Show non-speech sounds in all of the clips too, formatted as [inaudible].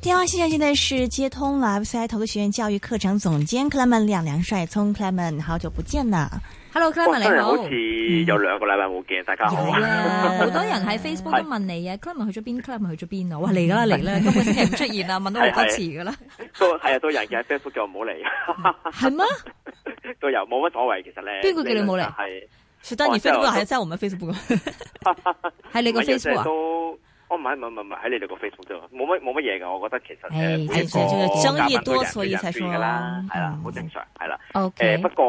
電話線上現在是接通了，VCI 投資學院教育課程總監 Clement 梁梁帥聰 Clement，好久不見啦！Hello，Clement，哇你好。好似有兩個禮拜冇見，大家好啊！好 [laughs] 多人喺 Facebook 都問你啊，Clement [laughs] 是去咗邊？Clement 去咗邊啊？哇嚟啦嚟啦，今個星期唔出現啦，問到好多次噶啦，都係啊，都有嘅喺 Facebook 叫我唔好嚟，係嗎？ [laughs] 都有，冇乜所謂其實咧。邊個叫你冇嚟？係， [laughs] 突然 Facebook 話係我哋 Facebook，喺你一個 Facebook 啊。 [laughs] 哦，唔係唔唔唔，喺你哋個 Facebook 度冇乜冇乜嘢噶，我覺得其實誒、哎、個個打麻雀嘅人轉噶啦，係啦、嗯，好、嗯、正常，係啦。OK，呃、不過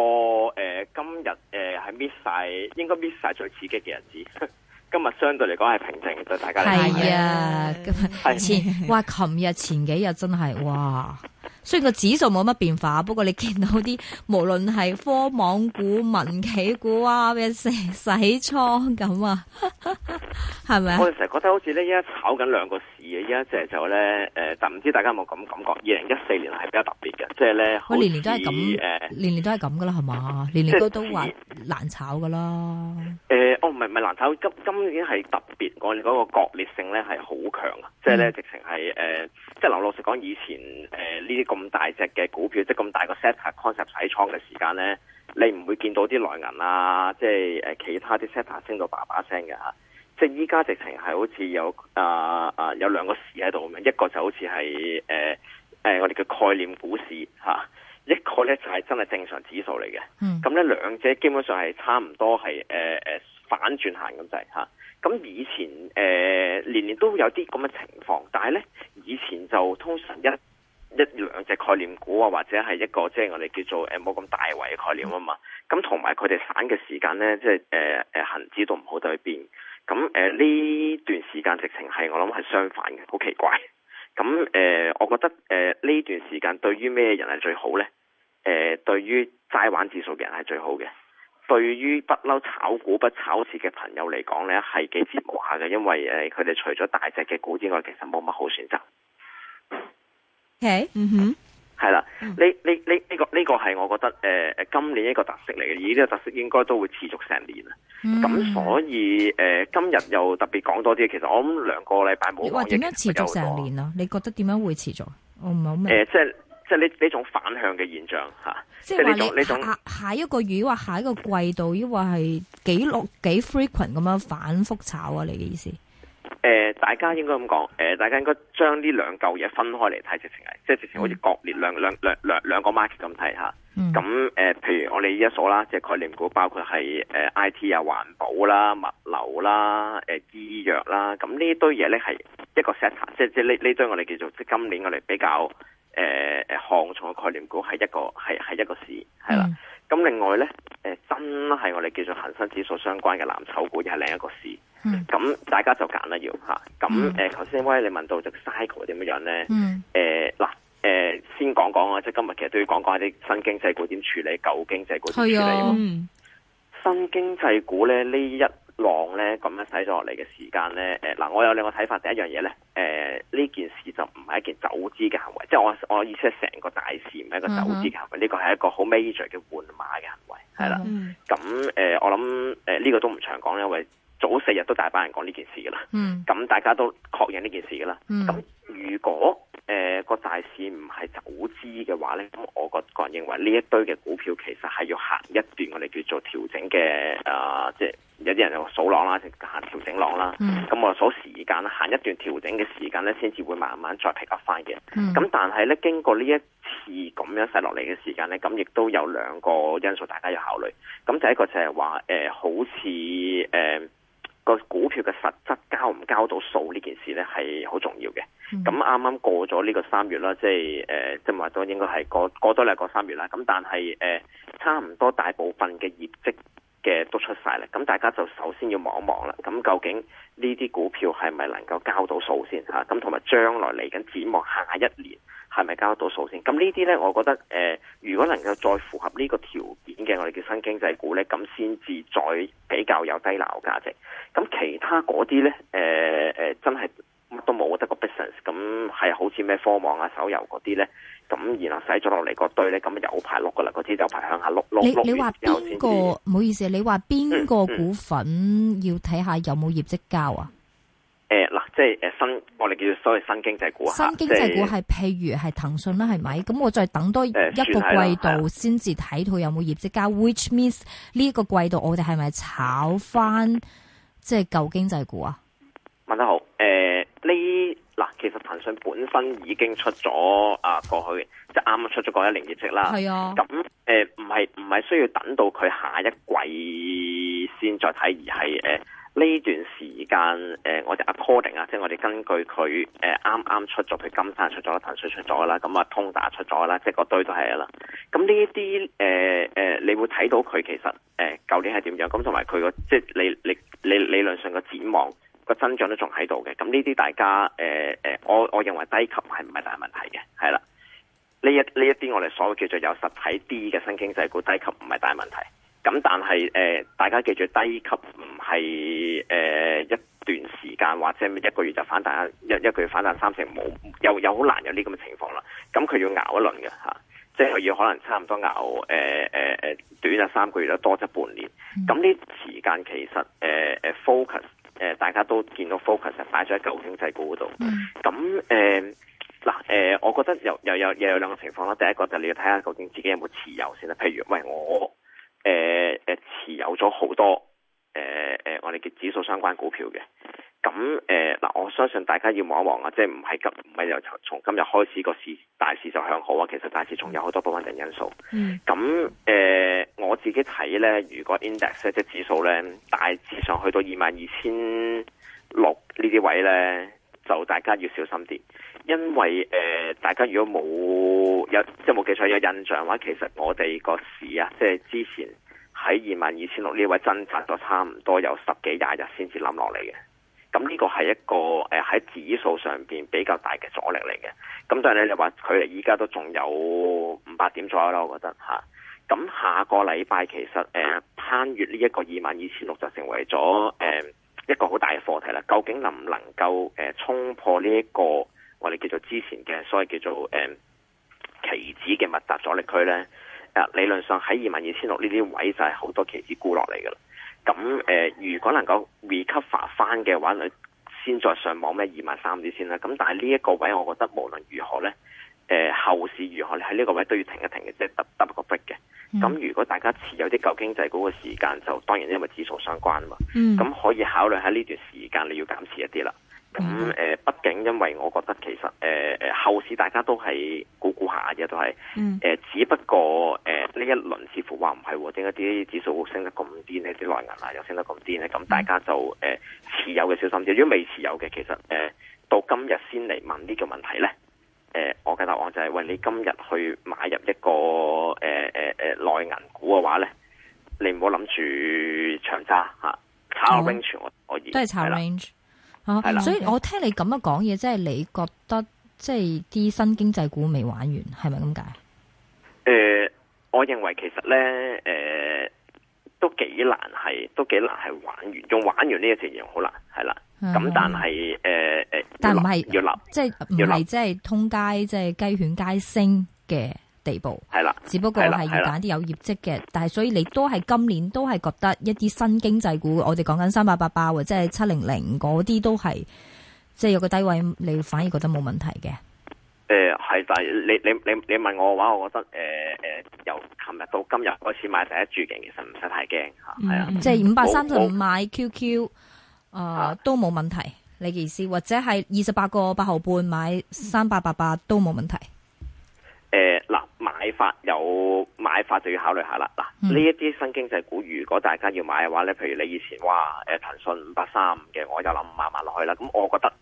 誒、呃、今日 m 誒係 miss 晒，應該 miss 晒最刺激嘅日子。今日相對嚟講係平靜，對大家嚟講係啊。今日、哎，嗯、前哇，琴日前幾日真係哇。 [laughs] 雖然個指數冇乜變化，不過你見到啲無論係科網股、民企股啊，咩成洗倉咁啊，係 [laughs] 咪是？我哋成日覺得好似呢，依家炒緊兩個市嘅，依家就就是、咧，誒、呃，但唔知大家有冇咁感覺？二零一四年係比較特別嘅，即係咧，年年都係咁，誒，年年都係咁噶啦，係嘛，年年都都話難炒噶啦。誒、呃，哦，唔係唔係難炒，今今年係特別，我哋嗰個割裂性咧係好強啊，即係咧直情係誒。呃即係老老實講，以前誒呢啲咁大隻嘅股票，即係咁大個 set up concept 洗倉嘅時間咧，你唔會見到啲內銀啊，即係誒其他啲 set up 升到叭叭聲嘅嚇。即係依家直情係好似有啊啊有兩個市喺度咁樣，一個就好似係誒誒我哋嘅概念股市嚇、啊，一個咧就係、是、真係正常指數嚟嘅。咁咧、嗯、兩者基本上係差唔多係誒誒反轉行咁滯嚇。啊咁以前誒年、呃、年都有啲咁嘅情況，但係咧以前就通常一一兩隻概念股啊，或者係一個即係我哋叫做誒冇咁大圍嘅概念啊嘛。咁同埋佢哋散嘅時間咧，即係誒誒恆指都唔好對變。咁誒呢段時間直情係我諗係相反嘅，好奇怪。咁、嗯、誒、呃，我覺得誒呢、呃、段時間對於咩人係最好咧？誒、呃，對於齋玩指數嘅人係最好嘅。對於不嬲炒股不炒市嘅朋友嚟講咧，係幾折磨下嘅，因為誒佢哋除咗大隻嘅股之外，其實冇乜好選擇。OK，、mm hmm. 了嗯哼，係啦，呢呢呢呢個呢、這個係我覺得誒誒、呃、今年一個特色嚟嘅，而呢個特色應該都會持續成年啊。咁、嗯、所以誒、呃、今日又特別講多啲，其實我諗兩個禮拜冇，哇，點樣持續成年啊？你覺得點樣會持續？我唔係好明。誒、呃，即係。即係呢呢種反向嘅現象嚇，即係話你呢種下一個月，或下一個季度，因為係幾六幾 frequent 咁樣反覆炒啊？你嘅意思誒、嗯嗯嗯嗯呃？大家應該咁講誒？大家應該將呢兩嚿嘢分開嚟睇直情係，即係直情好似割裂兩兩兩兩兩個 market 咁睇下。咁、啊、誒，譬、嗯嗯嗯呃、如我哋依一所啦，即係概念股，包括係誒、呃、IT 啊、環保啦、物流啦、誒、啊呃、醫藥啦。咁、啊、呢堆嘢咧係一個 set 即係即係呢呢堆我哋叫做即係今年我哋比較。誒誒，航創嘅概念股係一個係係一個市，係啦。咁、 [noise] 嗯、另外咧，誒真係我哋叫做恒生指數相關嘅藍籌股又係另一個市。咁、嗯、大家就揀啦要吓。咁、啊、誒，頭先威你問到隻 cycle 點樣樣咧？誒嗱、嗯、誒、欸欸、先講講啊，即係今日其實都要講講啲新經濟股點處理，舊經濟股點處理。嗯、新經濟股咧呢一浪咧咁樣使咗落嚟嘅時間咧，誒、呃、嗱，我有兩個睇法。第一樣嘢咧，誒、呃、呢件事就唔係一件走資嘅行為，即係我我意思係成個大市唔係一個走資嘅行為，呢個係一個好 major 嘅換馬嘅行為，係啦。咁誒、mm hmm. 呃，我諗誒呢個都唔長講，因為早四日都大班人講呢件事噶啦。咁、mm hmm. 大家都確認呢件事噶啦。咁、mm hmm. 如果誒、呃那個大市唔係走資嘅話咧，咁我個人認為呢一堆嘅股票其實係要行一段我哋叫做調整嘅啊，即、呃、係、就是、有啲人就數浪啦，行調整浪啦。咁我數時間行一段調整嘅時間咧，先至會慢慢再 pick up 翻嘅。咁但係咧，經過呢一次咁樣細落嚟嘅時間咧，咁亦都有兩個因素大家要考慮。咁第一個就係話誒，好似誒，呃個股票嘅實質交唔交到數呢件事呢係好重要嘅。咁啱啱過咗呢個三月啦，即係誒、呃，即係話都應該係過過多兩個三月啦。咁但係誒、呃，差唔多大部分嘅業績嘅都出晒啦。咁大家就首先要望一望啦。咁究竟呢啲股票係咪能夠交到數先嚇？咁同埋將來嚟緊展望下一年。係咪交多數先？咁呢啲呢，我覺得誒、呃，如果能夠再符合呢個條件嘅，我哋叫新經濟股呢，咁先至再比較有低樓價值。咁其他嗰啲呢，誒、呃、誒、呃，真係乜都冇得個 business，咁係好似咩科網啊、手遊嗰啲呢，咁然後使咗落嚟嗰堆呢，咁就排碌㗎喇，嗰啲就排向下碌碌。你你話邊個？唔好意思，你話邊個股份、嗯嗯、要睇下有冇業績交啊？誒嗱、呃。即係誒新，我哋叫做所謂新經濟股啊。新經濟股係即譬如係騰訊啦，係咪？咁我再等多一個季度先至睇佢有冇業績交，which means 呢個季度我哋係咪炒翻，即係舊經濟股啊？問得好。誒，呢嗱，其實騰訊本身已經出咗啊，過去，即係啱啱出咗嗰一年業績啦。係啊。咁誒，唔係唔係需要等到佢下一季先再睇，而係誒。呃呢段時間，誒、呃、我哋 according 啊，即係我哋根據佢誒啱啱出咗佢金山出咗騰訊出咗啦，咁啊通達出咗啦，即係嗰堆都係啦。咁呢啲誒誒，你會睇到佢其實誒舊、呃、年係點樣，咁同埋佢個即係理理理理論上嘅展望個增長都仲喺度嘅。咁呢啲大家誒誒、呃呃，我我認為低級係唔係大問題嘅，係啦。呢一呢一啲我哋所謂叫做有實體 D 嘅新經濟股低級唔係大問題。咁但係誒、呃，大家記住低級唔係誒一段時間或者一個月就反彈一一個月反彈三成，冇，有有好難有呢咁嘅情況啦。咁、嗯、佢、嗯、要熬一輪嘅吓，即係佢要可能差唔多熬，誒誒誒短啊三個月啦，多則半年。咁、嗯、呢時間其實誒誒、呃、focus 誒、呃，大家都見到 focus 就擺咗喺舊經濟股度。咁誒嗱誒，我覺得又又有又有兩個情況啦。第一個就你要睇下究竟自己有冇持有先啦。譬如喂我。我我誒誒、呃、持有咗好多誒誒、呃呃、我哋嘅指數相關股票嘅，咁誒嗱我相信大家要望一望啊，即係唔係急唔係又從今日開始個市大市就向好啊？其實大市仲有好多不穩定因素。咁誒、mm. 呃、我自己睇咧，如果 index 即係指數咧，大致上去到二萬二千六呢啲位咧，就大家要小心啲，因為誒、呃、大家如果冇。嗯、有即係冇記錯有印象嘅話，其實我哋個市啊，即係之前喺二萬二千六呢位掙扎咗差唔多有十幾廿日先至冧落嚟嘅。咁、嗯、呢、這個係一個誒喺、呃、指數上邊比較大嘅阻力嚟嘅。咁但係咧，你話佢離依家都仲有五百點左右啦，我覺得吓。咁、啊嗯、下個禮拜其實誒、呃、攀越呢一個二萬二千六就成為咗誒、呃、一個好大嘅課題啦。究竟能唔能夠誒、呃、衝破呢、這、一個我哋叫做之前嘅，所謂叫做誒。呃呃呃呃期指嘅密集阻力區咧，啊理論上喺二萬二千六呢啲位就係好多期指沽落嚟嘅啦。咁誒、呃，如果能夠 recover 翻嘅話，你先再上網咩二萬三啲先啦。咁但係呢一個位，我覺得無論如何咧，誒、呃、後市如何你喺呢個位都要停一停嘅，即係突突個 break 嘅。咁、嗯、如果大家持有啲舊經濟股嘅時間，就當然因為指數相關嘛，咁、嗯、可以考慮喺呢段時間你要減持一啲啦。咁誒，畢、嗯、竟因為我覺得其實誒誒，後市大家都係估估下嘅，都係誒，只不過誒呢一輪似乎話唔係點解啲指數升得咁癲咧？啲內銀啊又升得咁癲咧？咁大家就誒持有嘅小心啲，如果未持有嘅，其實誒到今日先嚟問呢個問題咧。誒，我嘅答案就係、是、喂，你今日去買入一個誒誒誒內銀股嘅話咧，你唔好諗住長揸吓，炒個 range 我可以，哦、都係炒 r 啊，係啦，所以我聽你咁樣講嘢，即係你覺得即係啲新經濟股未玩完，係咪咁解？誒，我認為其實咧，誒，都幾難係，都幾難係玩完，仲玩完呢一情形容好難，係啦。咁的但係誒誒，呃、但唔係要立留，即係唔係即係通街即係雞犬皆升嘅。地步係啦，只不過係要揀啲有業績嘅，但係所以你都係今年都係覺得一啲新經濟股，我哋講緊三八八八或者係七零零嗰啲都係，即、就、係、是、有個低位，你反而覺得冇問題嘅。誒、呃，係但係你你你你問我嘅話，我覺得誒誒、呃呃，由琴日到今日開始買第一注嘅，其實唔使太驚吓，係我、呃、啊。即係五百三十五買 QQ，啊，都冇問題，你嘅意思？或者係二十八個八毫半買三八八八都冇問題。發有買法就要考慮下啦，嗱呢一啲新經濟股，如果大家要買嘅話咧，譬如你以前話，誒騰訊五百三嘅，我就諗慢慢落去啦。咁我覺得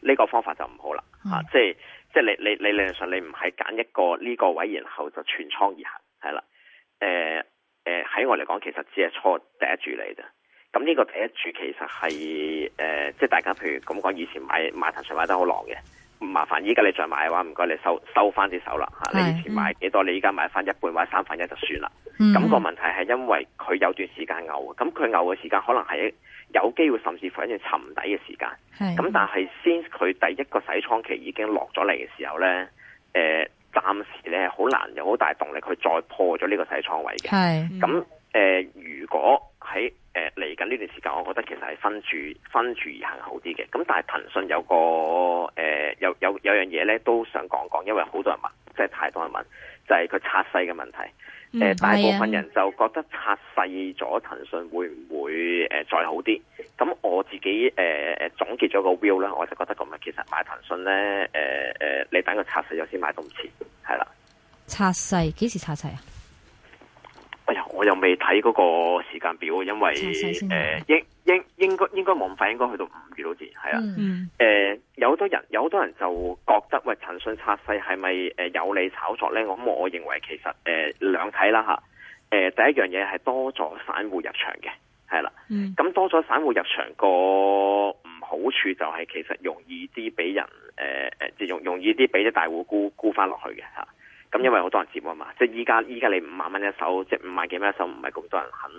呢個方法就唔好啦，嗯、啊，即係即係你你你理論上你唔係揀一個呢個位，然後就全倉而行，係啦，誒誒喺我嚟講，其實只係初第一住嚟嘅。咁呢個第一住其實係誒、呃，即係大家譬如咁講，以前買買,買騰訊買得好狼嘅。唔麻煩，依家你再買嘅話，唔該你收收翻啲手啦吓。是你以前買幾多，嗯、你依家買翻一半或者三分一就算啦。咁、嗯、個問題係因為佢有段時間嘔，咁佢嘔嘅時間可能係有機會甚至乎係沉底嘅時間。咁是但係先佢第一個洗倉期已經落咗嚟嘅時候、呃、暫時呢，誒，暫時咧好難有好大動力去再破咗呢個洗倉位嘅。咁誒、嗯呃，如果喺誒嚟緊呢段時間，我覺得其實係分住分住而行好啲嘅。咁但係騰訊有個誒、呃、有有有樣嘢咧，都想講講，因為好多人問，即係太多人問，就係佢拆細嘅問題。誒大部分人就覺得拆細咗騰訊會唔會誒再好啲？咁我自己誒誒、呃、總結咗個 view 咧，我就覺得咁樣，其實買騰訊咧誒誒，你等佢拆細咗先買都唔遲，係啦。拆細幾時拆齊啊？又未睇嗰個時間表，因為誒、嗯、應應應該應該冇咁快，應該去到五月到止，係啊。誒、嗯呃，有好多人，有好多人就覺得喂，騰訊拆細係咪誒有利炒作咧？我、嗯、咁我認為其實誒兩睇啦吓。誒、呃，第一樣嘢係多咗散戶入場嘅，係啦。咁、嗯、多咗散戶入場個唔好處就係其實容易啲俾人誒誒，即、呃、容容易啲俾啲大戶沽沽翻落去嘅吓。咁因為好多人接啊嘛，即係依家依家你五萬蚊一手，即係五萬幾蚊一手，唔係咁多人肯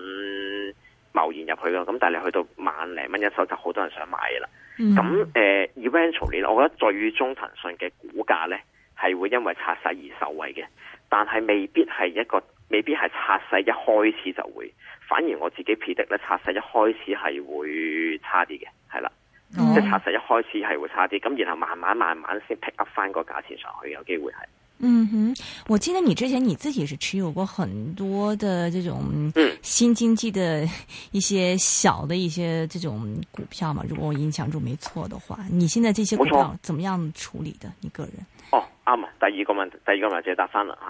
貿然入去咯。咁但係你去到萬零蚊一手，就好多人想買啦。咁誒，eventually 咧，hmm. uh, 我覺得最終騰訊嘅股價呢，係會因為拆細而受惠嘅，但係未必係一個，未必係拆細一開始就會。反而我自己睇的咧，拆細一開始係會差啲嘅，係啦，mm hmm. 即係拆細一開始係會差啲。咁然後慢慢慢慢先 pick up 翻個價錢上去，有機會係。嗯哼，我記得你之前你自己是持有過很多的這種新經濟的一些小的一些這種股票嘛？嗯、如果我印象中，沒錯的話，你現在這些股票怎麼樣處理的？沒錯。你個人？哦啱啊，第二個問題，第二個問題就答翻啦，吓。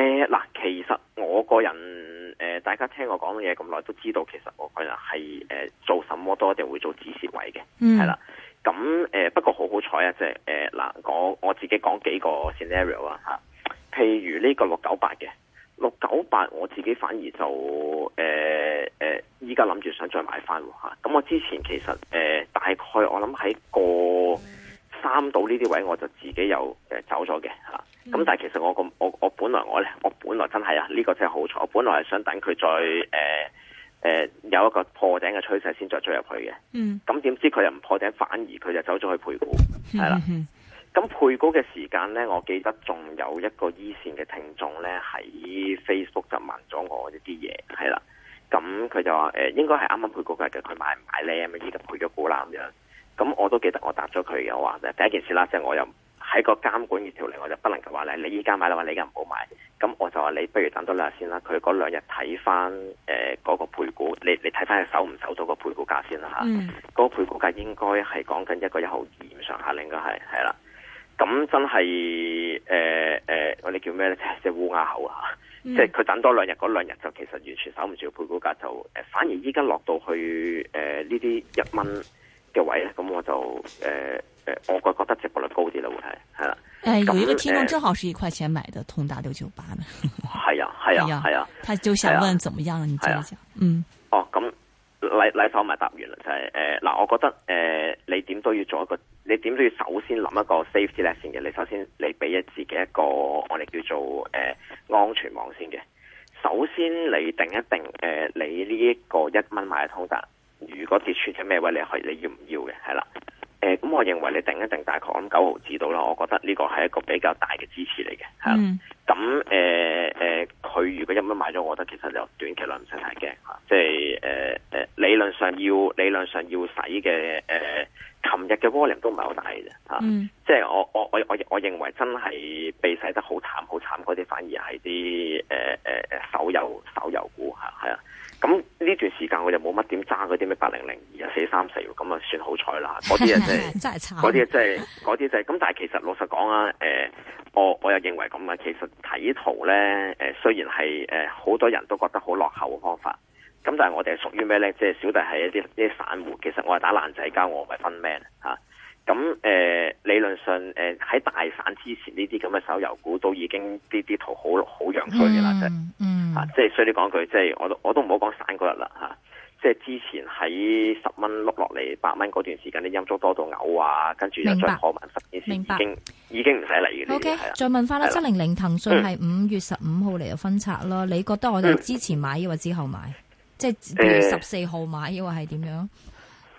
誒、啊、嗱，其實我個人誒、呃，大家聽我講嘢咁耐都知道，其實我個人係誒、呃、做什麼都一定會做止蝕位嘅，嗯，係啦。咁誒、呃、不過好好彩啊，即係誒嗱，我我自己講幾個 scenario 啊嚇，譬如呢個六九八嘅六九八，我自己反而就誒誒，依家諗住想再買翻喎嚇。咁我之前其實誒、呃、大概我諗喺個三到呢啲位，我就自己又誒、呃、走咗嘅嚇。咁、啊啊、但係其實我個我我本來我咧，我本來真係啊，呢、呢個真係好彩，我本來係想等佢再誒。呃誒、呃，有一個破頂嘅趨勢先再追入去嘅，咁點、嗯、知佢又唔破頂，反而佢就走咗去配股，係啦。咁配股嘅時間咧，我記得仲有一個 e 線嘅聽眾咧喺 Facebook 就問咗我一啲嘢，係啦。咁佢就話誒、呃，應該係啱啱配股嘅，佢買唔買咧？咁依度配咗股咁嘅，咁我都記得我答咗佢嘅話第一件事啦，即係我又。喺個監管條例我就不能夠話你。你依家買嘅話，你依家唔好買。咁我就話你不如等多兩日先啦。佢嗰兩日睇翻誒嗰個配股，你你睇翻佢守唔守到個配股價先啦嚇。嗰、嗯、個配股價應該係講緊一個一毫二咁上下，應該係係啦。咁真係誒誒，我、呃、哋、呃、叫咩咧？即係烏鴉口嚇、啊，即係佢等多兩日嗰兩日就其實完全守唔住個配股價，就誒、呃、反而依家落到去誒呢啲一蚊，呃嘅位咧，咁我就誒誒、呃，我覺覺得直播率高啲咯，係係啦。誒、哎，有一個聽眾正好是一塊錢買的通達六九八呢，係啊係啊係啊，他就想問怎麼樣啊？的你講一講，的嗯。哦，咁嚟嚟手埋答完啦，就係誒嗱，我覺得誒、呃、你點都要做一個，你點都要首先諗一個 safety line 嘅，你首先你俾一自己一個我哋叫做誒、呃、安全網先嘅，首先你定一定誒、呃、你呢一個一蚊買通達。如果跌穿咗咩位，你去你要唔要嘅？係啦，誒、呃，咁我認為你定一定大概咁九毫至到啦。我覺得呢個係一個比較大嘅支持嚟嘅。吓，咁誒誒，佢、呃呃、如果一蚊買咗，我覺得其實就短期內唔使太驚吓。即係誒誒，理論上要理論上要洗嘅誒，琴日嘅 volume 都唔係好大嘅吓。啊嗯、即係我我我我認為真係被洗得好慘好慘嗰啲，反而係啲誒誒誒手遊手遊股吓係啊。咁呢段時間我就冇乜點揸嗰啲咩八零零二啊，四三四咁，啊算好彩啦！嗰啲人真係嗰啲真係嗰啲就係咁。但係其實老實講啊，誒、呃，我我又認為咁啊。其實睇圖咧，誒、呃，雖然係誒好多人都覺得好落後嘅方法，咁但係我哋係屬於咩咧？即係小弟係一啲啲 [music] 散戶，其實我係打爛仔交，我唔係 fund man 吓。咁誒、呃，理論上誒喺、呃、大散之前呢啲咁嘅手遊股都已經啲啲圖好好樣衰嘅啦，真。啊！即係、嗯、所以你講句，即係我我都唔好講散嗰日啦吓。即係之前喺十蚊碌落嚟八蚊嗰段時間，你陰燭多到嘔啊！跟住再破慢十件事，已經唔使嚟嘅。OK，再問翻啦，七零零騰訊係五月十五號嚟嘅分拆咯。嗯、你覺得我哋之前買抑或之後買，嗯、即係十四號買抑或係點樣？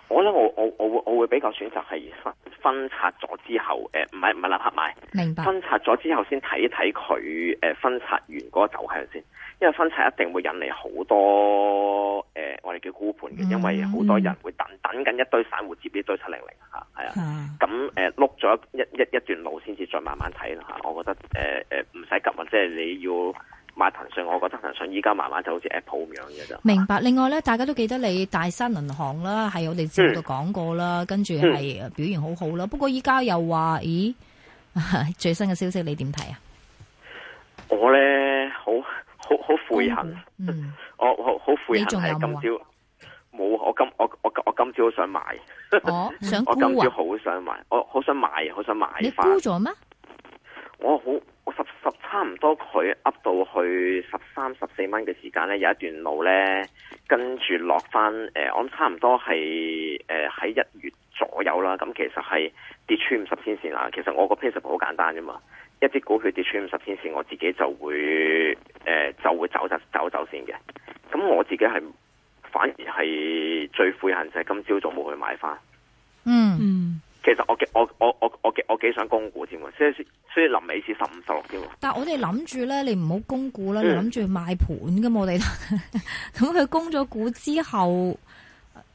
我覺得，我我我會我會比較選擇係分分拆咗之後，誒唔係唔係立刻買，明白，分拆咗之後先睇一睇佢誒分拆完嗰個走向先。因為分拆一定會引嚟好多誒、呃，我哋叫沽盤嘅，因為好多人會等等緊一堆散戶接呢堆七零零吓，係啊，咁誒碌咗一一一段路先至再慢慢睇啦吓，我覺得誒誒唔使急啊，即係你要買騰訊，我覺得騰訊依家慢慢就好似 Apple 咁樣嘅就明白。另外咧，大家都記得你大山銀行啦，係我哋之前都講過啦，跟住係表現好好啦。嗯、不過依家又話咦，最新嘅消息你點睇啊？我咧好。好好悔恨，嗯、我好好悔恨係今朝冇我今我我我今朝想，哦、想， [laughs] 想買，我想沽我今朝好想買，我好想買，好想買，你沽咗咩？我好我十十差唔多佢 up 到去十三十四蚊嘅時間咧，有一段路咧跟住落翻，誒、呃，我諗差唔多係誒喺一月。我有啦，咁其實係跌穿五十天線啦。其實我個 concept 好簡單啫嘛，一支股票跌穿五十天線，我自己就會誒、呃、就會走走走先嘅。咁我自己係反而係最悔恨就係今朝早冇去買翻。嗯，其實我幾我我我我幾我幾想供股添啊，雖然雖然臨尾是十五十六添啊。但係我哋諗住咧，嗯、你唔好供股啦，你諗住賣盤噶嘛，我哋。咁佢供咗股之後。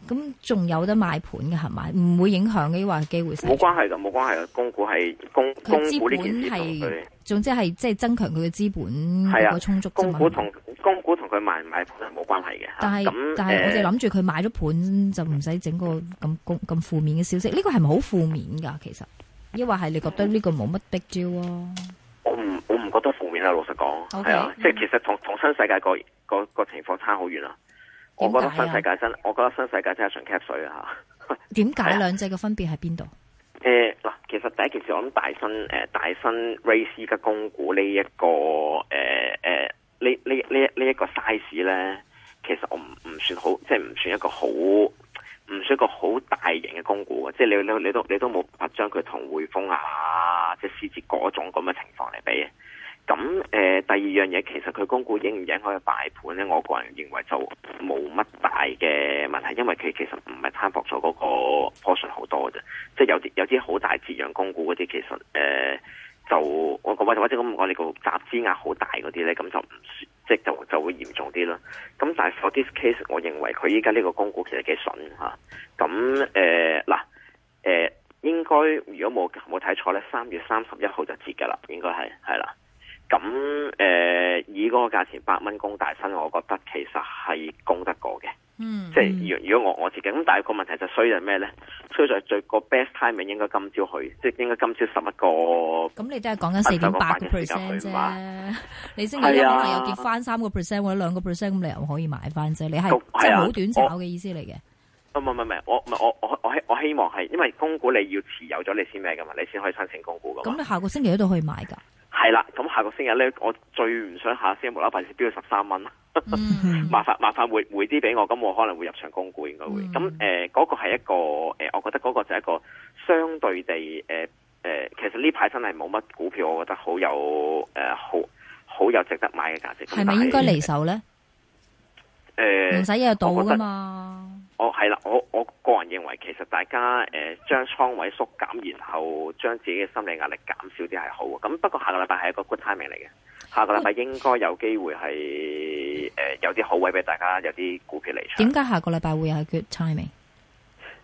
咁仲有得買盤嘅係咪？唔會影響呢啲話機會？冇關係噶，冇關係啊！供股係供，佢資本係，總之係即係增強佢嘅資本係啊充足。供股同供股同佢買唔買盤係冇關係嘅。但係是那但係我哋諗住佢買咗盤就唔使整個咁公咁負面嘅消息。呢個係咪好負面噶？其實，抑或係你覺得呢個冇乜逼招啊？嗯、我唔我唔覺得負面啊！老實講，係啊，即係其實同同新世界個個個情況差好遠啊！我覺得新世界新，我覺得新世界真係純 cap 水啊吓。點解兩者嘅分別喺邊度？誒，嗱，其實第一件事，我諗大新誒、呃、大新 race 嘅供股呢一、這個誒誒呢呢呢呢一個 size 咧，其實我唔唔算好，即係唔算一個好唔算一個好大型嘅供股嘅，即係你你都你都冇法將佢同匯豐啊，即係獅子嗰種咁嘅情況嚟比嘅。咁誒、呃，第二樣嘢其實佢供股影唔影響佢嘅大盤咧？我個人認為就冇乜大嘅問題，因為佢其實唔係攤薄咗嗰個 proportion 好多啫。即係有啲有啲好大折讓供股嗰啲，其實誒、呃、就我或者或者咁講，你個集資額好大嗰啲咧，咁就算即係就就會嚴重啲咯。咁但係 for this case，我認為佢依家呢個供股其實幾筍嚇。咁誒嗱誒，應該如果冇冇睇錯咧，三月三十一號就截㗎啦，應該係係啦。咁誒、呃，以嗰個價錢百蚊供大新，我覺得其實係供得過嘅。嗯，即係如果如果我我自己咁，但係個問題就衰在咩咧？衰在最個 best time 咪應該今朝去，即係應該今朝十一個。咁、嗯嗯、你都係講緊四點八 percent 你星期可能有跌翻三個 percent 或者兩個 percent，咁你又可以買翻啫。你係即係好短炒嘅意思嚟嘅。唔唔唔唔，我唔我我我希我希望係因為供股你要持有咗你先咩嘅嘛，你先可以申請供股嘅嘛。咁 [laughs] 你下個星期都可以買㗎？係啦，咁下個星期日咧，我最唔想下星期冇啦啦，費事飆到十三蚊，麻煩麻煩回回啲俾我，咁我可能會入場港股，應該會。咁誒、嗯，嗰、呃那個係一個誒、呃，我覺得嗰個就係一個相對地誒誒、呃呃，其實呢排真係冇乜股票，我覺得好有誒、好、呃、好有值得買嘅價值。係咪應該離手咧？誒、呃，唔使嘢到噶嘛？我係啦，我我個人認為其實大家誒、呃、將倉位縮減，然後將自己嘅心理壓力減少啲係好嘅。咁不過下個禮拜係一個 good timing 嚟嘅，下個禮拜應該有機會係誒、呃、有啲好位俾大家，有啲股票離場。點解下個禮拜會有 good timing？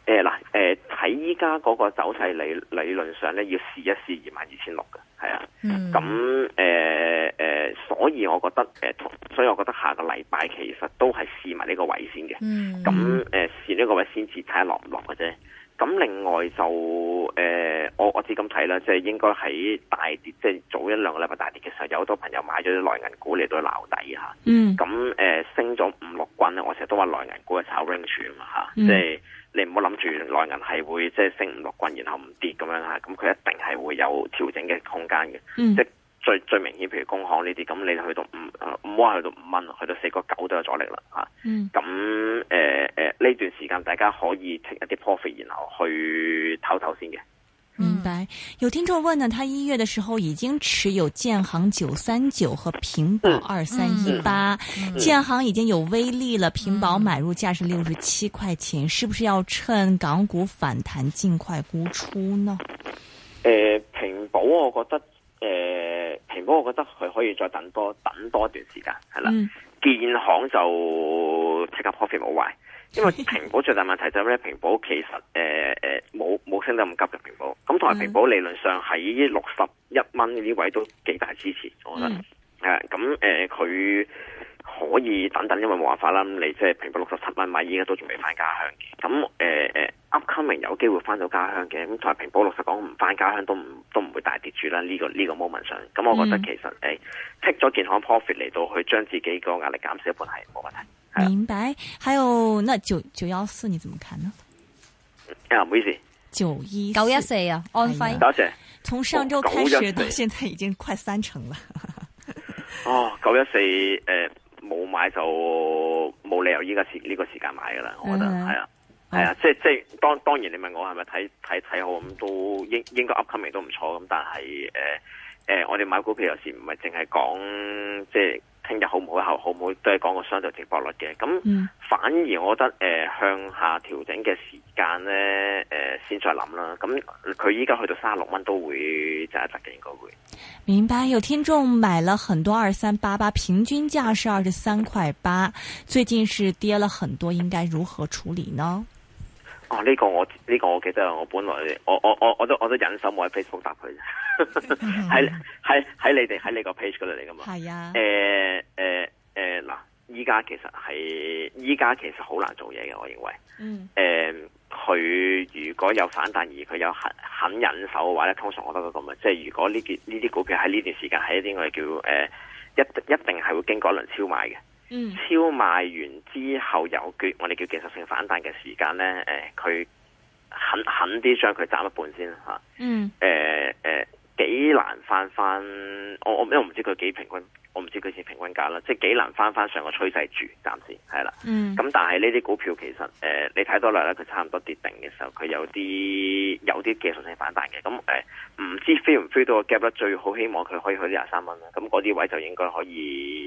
誒嗱誒，睇依家嗰個走勢理理論上咧，要試一試二萬二千六嘅。係啊，咁誒誒，所以我覺得誒、呃，所以我覺得下個禮拜其實都係試埋呢個位先嘅，咁誒試呢個位先至睇下落唔落嘅啫。咁另外就誒、呃，我我只咁睇啦，即係應該喺大跌，即係早一兩個禮拜大跌嘅時候，有好多朋友買咗啲內銀股嚟到撈底、嗯、啊。咁誒、呃、升咗五六棍咧，我成日都話內銀股係炒 range 啊嘛吓，即係、嗯、你唔好諗住內銀係會即係升五六棍然後唔跌咁樣吓，咁佢一定。會有調整嘅空間嘅，嗯、即係最最明顯，譬如工行呢啲，咁你去到五誒五蚊去到五蚊，去到四個九都有阻力啦吓。咁誒誒，呢、嗯呃呃、段時間大家可以停一啲 profit，然後去唞唞先嘅。嗯、明白。有聽眾問呢，他一月嘅時候已經持有建行九三九和平保二三一八，嗯嗯、建行已經有威力喇，平保買入價是六十七塊錢，是不是要趁港股反彈盡快沽出呢？誒，平、呃、保我覺得，誒、呃，平保我覺得佢可以再等多等多一段時間，係啦。嗯、建行就睇下 profit 冇壞，因為平保最大問題就咩、是、咧？平 [laughs] 保其實誒誒，冇、呃、冇、呃、升得咁急嘅平保，咁、嗯、同埋平保理論上喺六十一蚊呢位都幾大支持，我覺得。誒、嗯，咁誒，佢、嗯呃、可以等等，因為冇辦法啦、嗯。你即係平保六十七蚊買，依家都仲未翻家鄉嘅。咁誒誒。呃呃呃 Upcoming 有機會翻到家鄉嘅，咁同埋平保，老實講唔翻家鄉都唔都唔會大跌住啦。呢、這個呢、這個 moment 上，咁我覺得其實誒，剔咗、嗯哎、健康 profit 嚟到去，將自己個壓力減少一半係冇問題。明白。啊、還有，那九九一四你怎麼看呢？啊、哎，唔好意思，九一九一四啊，安徽，多謝。從上周開始到現在已經快三成啦。哦、嗯，九一四誒，冇買就冇理由依家呢個時間買噶啦，我覺得係啊。係啊，即係即係，當當然你問我係咪睇睇睇好咁，都應應該 upgrade 都唔錯咁，但係誒誒，我哋買股票有時唔係淨係講即係聽日好唔好後好唔好，都係講個相對市盈率嘅。咁反而我覺得誒向下調整嘅時間咧誒先再諗啦。咁佢依家去到三十六蚊都會就一得嘅，應該會。明白，有聽眾買了很多二三八八，平均價是二十三塊八，最近是跌了很多，應該如何處理呢？哦，呢、這個我呢、這個我記得，我本來我我我我都我都忍手冇喺 Facebook 答佢，喺喺喺你哋喺你個 page 嗰度嚟噶嘛？係是啊、哎。誒誒誒嗱，依、哎、家其實係依家其實好難做嘢嘅，我認為。嗯、哎。誒，佢如果有反彈而佢有肯肯忍手嘅話咧，通常我得咗咁啊，即係如果呢件呢啲股票喺呢段時間喺一啲我哋叫誒一一定係會經過輪超賣嘅。嗯、超賣完之後有跌，我哋叫技術性反彈嘅時間咧，誒、呃，佢狠狠啲將佢斬一半先吓。啊、嗯。誒誒、呃呃，幾難翻翻，我我因為唔知佢幾平均，我唔知佢先平均價啦，即係幾難翻翻上個趨勢住，暫時係啦。嗯。咁、嗯、但係呢啲股票其實，誒、呃，你睇多耐咧，佢差唔多跌定嘅時候，佢有啲有啲技術性反彈嘅，咁、嗯、誒，唔、呃、知飛唔飛到個 gap 咧，最好希望佢可以去啲廿三蚊啦，咁嗰啲位就應該可以。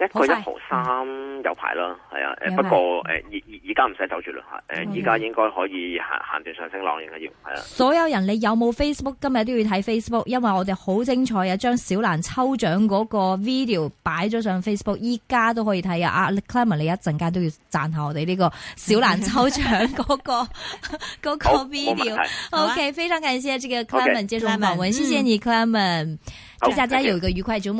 一個一毫三有排啦。係啊，不過誒，而而家唔使走住輪，誒，而家應該可以行行段上升浪應該要，係啊。所有人，你有冇 Facebook？今日都要睇 Facebook，因為我哋好精彩有張小蘭抽獎嗰個 video 擺咗上 Facebook，依家都可以睇啊！啊 Clayman，你一陣間都要讚下我哋呢個小蘭抽獎嗰個個 video。OK，非常感謝呢個 Clayman 接受訪問，謝謝你 Clayman，祝大家有一個愉快